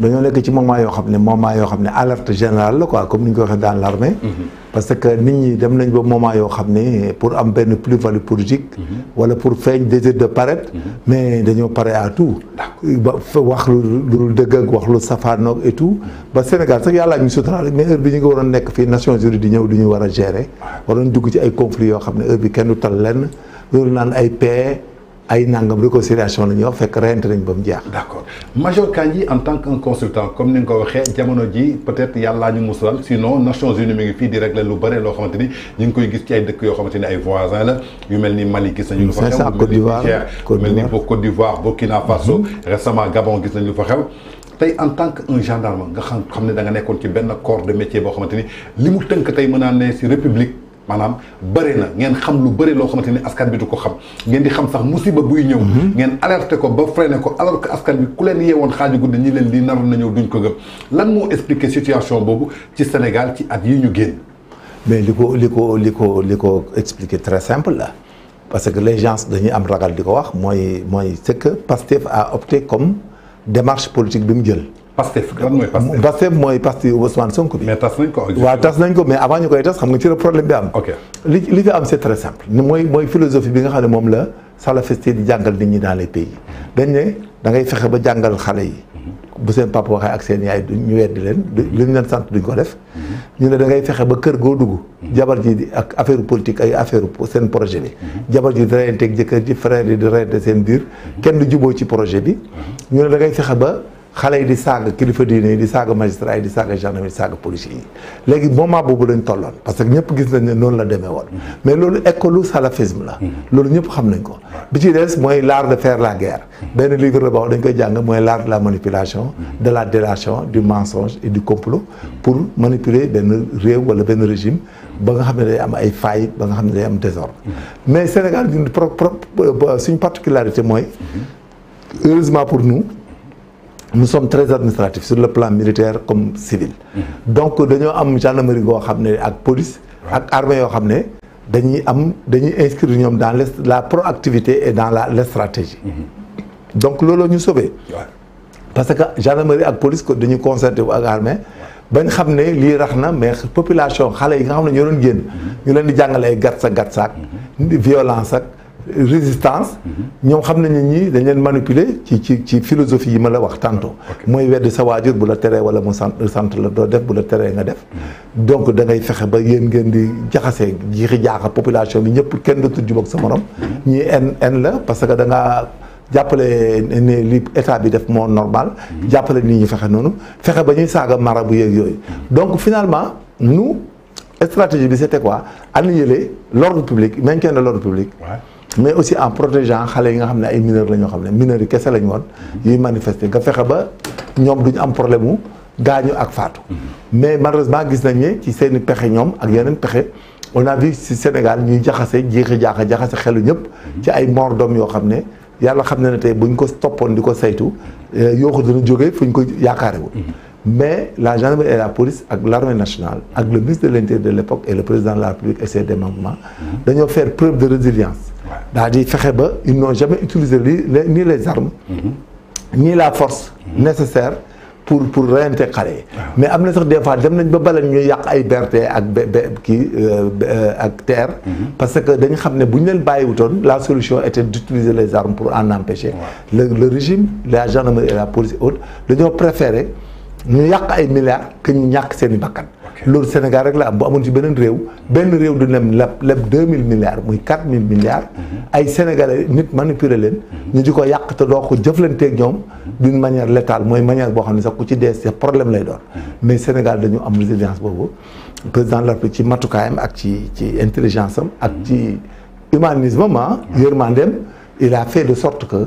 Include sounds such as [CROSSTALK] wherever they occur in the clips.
dañoo nekk ci moment yoo xam ne moment yoo xam ne alerte générale la quoi comme ni ñu ko waxee dans l'armée mhm. parce que nit ñi dem nañ ba moment yoo xam ne pour am benn plus-value politique mhm. wala pour feeñ désir de paraître mhm. mais dañoo pare à tout ba wax lu dul dëgg ak wax lu safaanoog et tout ba Sénégal sax yàllaa ñu suturaal mais heure bi ñu ngi waroon nekk fii nation Unies di ñëw di ñu war a gérer waroon dugg ci ay conflits yoo xam ne heure bi kenn du tal lenn loolu naan ay paix ay nangam réconciliation la de wax d'accord major Kandi, en tant qu'un consultant comme nous nga dit, peut-être qu'il y a sinon Nations Unies que nous avons di régler lu avons dit que nous koy gis ci ay que nous avons ay voisins la yu que Mali dit que nous avons Côte d'Ivoire Burkina Faso mm-hmm. récemment Gabon en tant que gendarme nga da de métier manam vous na xam lu que bi ku situation bobu Sénégal ci at yi ñu mais liko très simple parce que les gens dañuy am ragal que Pastef a opté comme démarche politique bi mu Pastef lan mooy Pastef Pastef mooy Ousmane Sonko mais tas nañ ko waaw tas ko mais avant ñu koy tas xam nga ci le problème bi am. ok li li fi am c'est très simple. moy moy philosophie bi nga xam ne moom la salafiste di jangal nit ñi dans les pays dañ né da ngay fexé ba jangal xalé yi. bu seen papa waxe ak seen yaay ñu weddi leen li ñu leen sant duñ ko def. ñu né da ngay fexé ba kër go dugg. jabar ji di ak affaire politique ay affaire seen projet bi. jabar ji di reyante ak jëkkër ji frère yi di reyante seen biir. kenn du jubo ci projet bi. ñu né da ngay fexé ba xalé di saaga kilifa diine di saaga magistrat di saaga gendarmerie di saaga police yi léegi moment boobu lañ tolloon parce que ñëpp gis nañ ne noonu la démé won mhm. mais lolu école salafisme la mhm. lolu ñëpp xam nañ ko bi ci des moy l'art de faire la guerre ben livre la boo dañ koy jang moy l'art de la manipulation de la délation du mensonge et du complot pour manipuler ben réew wala ben régime ba nga xam ne day am ay failles ba nga xam ne day am désordre mais Sénégal ñun euh, particularité moy heureusement pour nous nous sommes très administratifs sur le plan militaire comme civil. Mhm. donc avons am gendarmerie qui xam ne ak police. ak armée yoo xam ne dañuy dans la proactivité et dans la stratégie. Mhm. donc nous ñu sauvé. parce que gendarmerie ak police ko dañu concerté avec ak armée bañ xam ne lii mais population xalé yi nga xam ne ñoo doon génn. Mhm. ñu leen di jàngale gatsa gatsa violence ak résistance mhm. ñom xam nañu ñi dañ leen manipuler ci ci ci philosophie yi ma la wax tantôt moy weddi sa waajur bu la téré wala mu centre la doo def bu la téré nga def mhm. donc da ngay fexé ba yeen ngeen di jaxasee jiixi jaxa population bi ñepp kenn da tudd bok sa morom mhm. ñi en en la parce que da nga jappalé ne li état bi def mo normal jappalé nit ñi fexé nonu fexé ba ñuy saga mara bu yoy donc finalement nous stratégie bi c'était quoi annihiler l'ordre public maintien de l'ordre public mais aussi en protégeant les yi nga les ay mineurs qu'est-ce mineurs yi kese lañ woon yuy manifester nga fexe ba am problème mu gaañu ak faatu mais malheureusement gis nañ ne ci seen i pexe ak yeneen on a vu au Sénégal ñuy jaxase jeexi jaaxa jaxase xelu ñëpp ci ay mort d'homme y a ne yàlla xam Il y a buñ ko qui ont été saytu ils ont dû fuñ ko mais la gendarmerie et la police ak l'armée nationale ak le ministre de l'intérieur de l'époque et le président de la République et ses démembrements mhm. ont faire preuve de résilience ils n'ont jamais utilisé ni les armes mhm. ni la force mhm. nécessaire pour pour réintégrer. mais am des fois dem nañ ba une ñuy yàq ay euh, euh, terre mhm. parce que dañu xam ne bu ñu la solution était d'utiliser les armes pour en empêcher le régime les gendarmerie et la police autres ont préféré ñu yàq ay milliards que ñu ñàkk seen i loolu Sénégal rek la am bu amoon ci beneen réew benn réew du lem leb leb deux mille milliards muy quatre mille milliards. Mhm. ay sénégalais nit manipuler leen. Mhm. ñu di ko yàq te doo ko jëflanteeg ñoom. d'une manière létale mooy manière boo xam ne sax ku ci dees sa problème lay doon. Mhm. mais Sénégal dañu am résilience boobu président de la ci matukaayam ak ci ci intelligence am. ak ci humanisme am ah. yërmandeem il a fait de sorte que.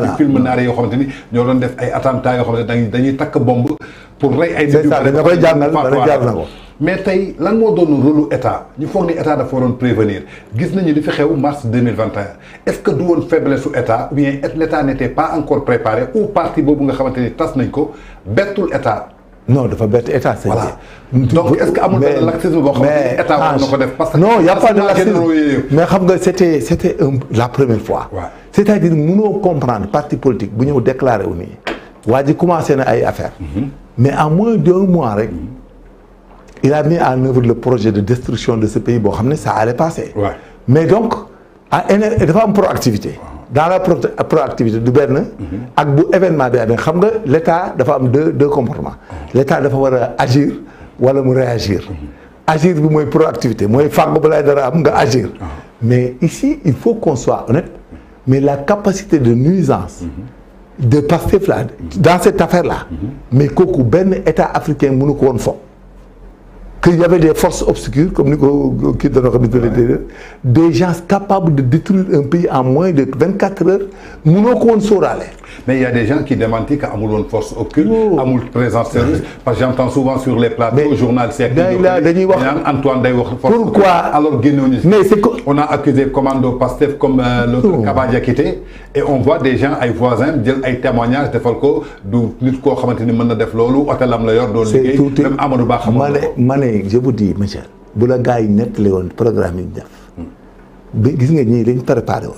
voilà film naar yo xamanteni ni ñoo doon def ay attentats yo xamante ne dañuy takk bomb pour rey ay. c'est ça dañ koy jàngal dana jaar na ko. mais tay lan mo doon rôle état ñu foog état da waroon prévenir gis nañu li fi xew mars 2021 est-ce que du woon faiblesse su état ou bien l'état n'était pas encore préparé ou parti bobu nga xamanteni tas nañ ko bettul état. non dafa bett état. c' voilà donc est ce que amul benn laxisme boo xam ne état war def. parce que non y' a pas de laxisme mais xam nga c' était la première fois c'est-à-dire nous comprendre parti politique nous ñëw déclaré wu nii waa commencé na ay affaire. Mhm. mais en moins d'un mois il a mis en œuvre le projet de destruction de ce pays ça allait passer. mais donc il y a une proactivité. dans la proactivité du Berne, mhm. ak bu événement bi deux comportements. Mhm. L'État doit dafa agir ou mu réagir. agir bi mooy proactivité agir. Ah. mais ici il faut qu'on soit honnête mais la capacité de nuisance mhm. de passer dans cette affaire là mhm. mais kooku état africain ne ko fasse. qu'il y avait des forces obscures comme nous qui sommes dans des gens capables de détruire un pays en moins de 24 heures nous ko won soralé mais il y a des gens qui démentent qu'il n'y a force aucune, oh. amul présence sérieuse. Parce que j'entends souvent sur les plateaux, au journal siècle, Antoine force Pourquoi Alors mais on a accusé Commando Pastef comme euh, l'autre oh. Kabadia et on voit des gens, des voisins, des témoignages de Falco, du nit ko xamanteni mën na def lolu hôtel am la yor do liggéey même Amadou Ba xam mané mané je vous dis monsieur bu la gaay net programme yi def gis nga ñi lañ préparé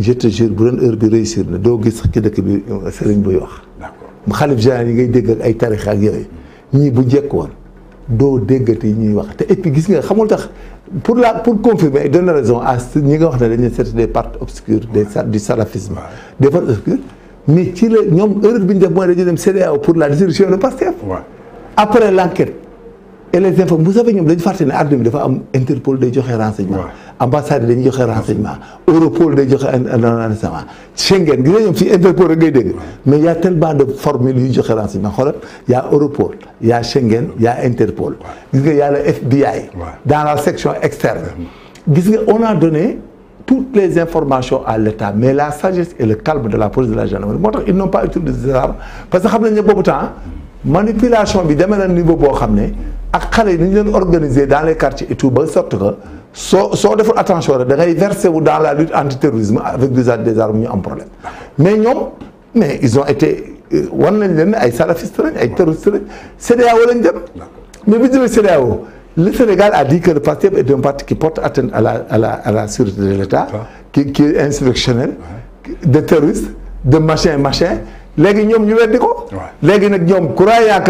je te jure bu doon heure bi réussir na doo gis ci dëkk bi euh, sëriñ buy wax. d'accord xalif yi ngay dégg ak ay tarix ak yooyu ñii bu njëkk woon doo déggati ñuy wax te et puis gis nga xamul tax pour la pour confirmer il donne raison à ñi nga wax ne dañuy seet des parties obscures des du salafisme des parties obscures mais ci la ñoom erreur bi ñu def mooy dañu dem CEDEAO pour la dissolution de Pastef après l' enquête et les infos vous savez ñoom dañu fàtte ne àdduna bi dafa am Interpol day joxe renseignement ambassade dañuy joxe renseignement Europol de joxe renseignement Schengen gis nga ñoom Interpol ngay dégg mais y' a tellement de formules de joxe renseignement il y' a Europol y' a Schengen il y' a Interpol il y' a le FBI. dans la section externe. on a donné toutes les informations à l'État mais la sagesse et le calme de la police de la gendarmerie ils n'ont pas utilisé de armes parce que xam nañ ne temps manipulation bi demee na niveau boo xamné ak xale ni ñu leen organiser dans les quartiers et tout ba sorte que so sont deful attention de da dans la lutte antiterrorisme avec des armes ñu problème mais non mais ils ont été on euh, a leen ay salafistes lañ ay terroristes c'est CEDEAO Mais dem mais c'est c'est CEDEAO le Sénégal a dit que le parti est un parti qui porte atteinte à la à la à la sûreté de l'État ah. qui qui est insurrectionnel de terroristes, de machin machin les ñoom ñu dit cest nag ñoom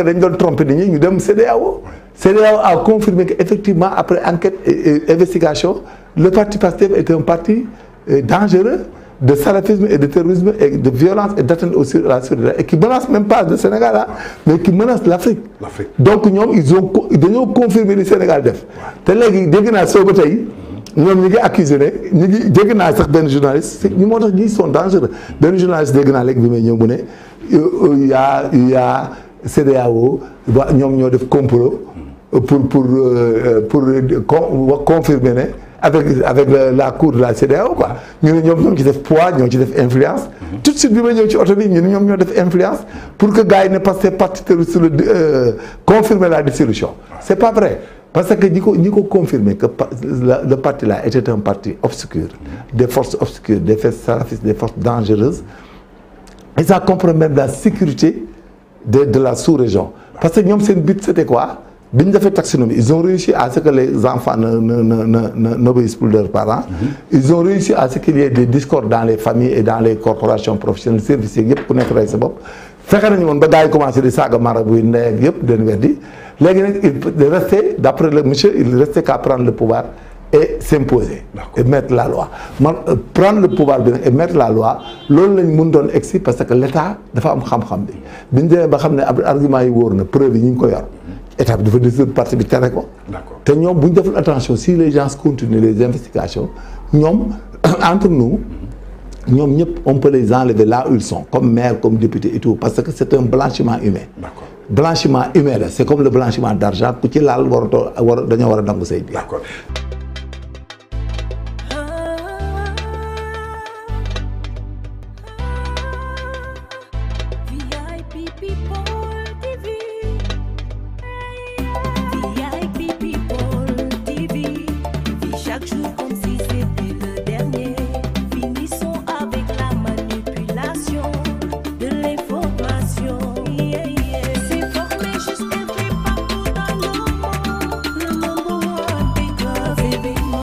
dañ doon tromper nit ñu dem CDAO. CDAO a confirmé que effectivement après enquête et investigation le parti Pastef était un parti euh, dangereux de salafisme et de terrorisme et de violence et d'atteinte aussi à la et qui menace même pas le Sénégal hein, mais qui menace l'Afrique donc ils ont confirmé le Sénégal def Té légui dégg na so ñoom ñi ngi accusé ne ñi ngi dégg naa sax benn journaliste ñu moo tax ñi sont dangereux benn journaliste dégg naa léegi bi may ñëw mu ne yaa yaa CEDEAO ba ñoom ñoo def complot pour pour euh, pour euh, confirmer ne avec avec la cour de la CDAO. quoi ñu ne ñoom poids nous avons def influence. Mhm. tout de suite nous avons des ci influence pour que Gaï ne passe pas sur le euh, confirmer la dissolution. Ce n'est pas vrai parce que nous avons confirmé que le parti là était un parti obscur mhm. des forces obscures des forces dangereuses et ça compromet la sécurité de de la sous-région parce que nous, le but c'était quoi ils ont réussi à ce que les enfants ne ne ne ne n'obéissent plus leurs parents. Mm-hmm. ils ont réussi à ce qu'il y ait des discords dans les familles et dans les corporations professionnelles services yep, yëpp ce nekk rey sa bopp. fexe commencé à saaga marabu yi ndey den il restait d'après le monsieur il restait qu'à prendre le pouvoir et s'imposer et mettre la loi euh, prendre le pouvoir et mettre la loi ce lañ nous doon egsi parce que l'État dafa am xam-xam bi ba ne ab argument yi wóor preuve yi ngi ko état de dafa de parti bi d'accord te attention si les gens continuent les investigations nous [COUGHS] entre nous. on peut les enlever là où ils sont comme maire comme député et tout parce que c'est un blanchiment humain. d'accord blanchiment humain c'est comme le blanchiment d'argent ku ci laal d'accord.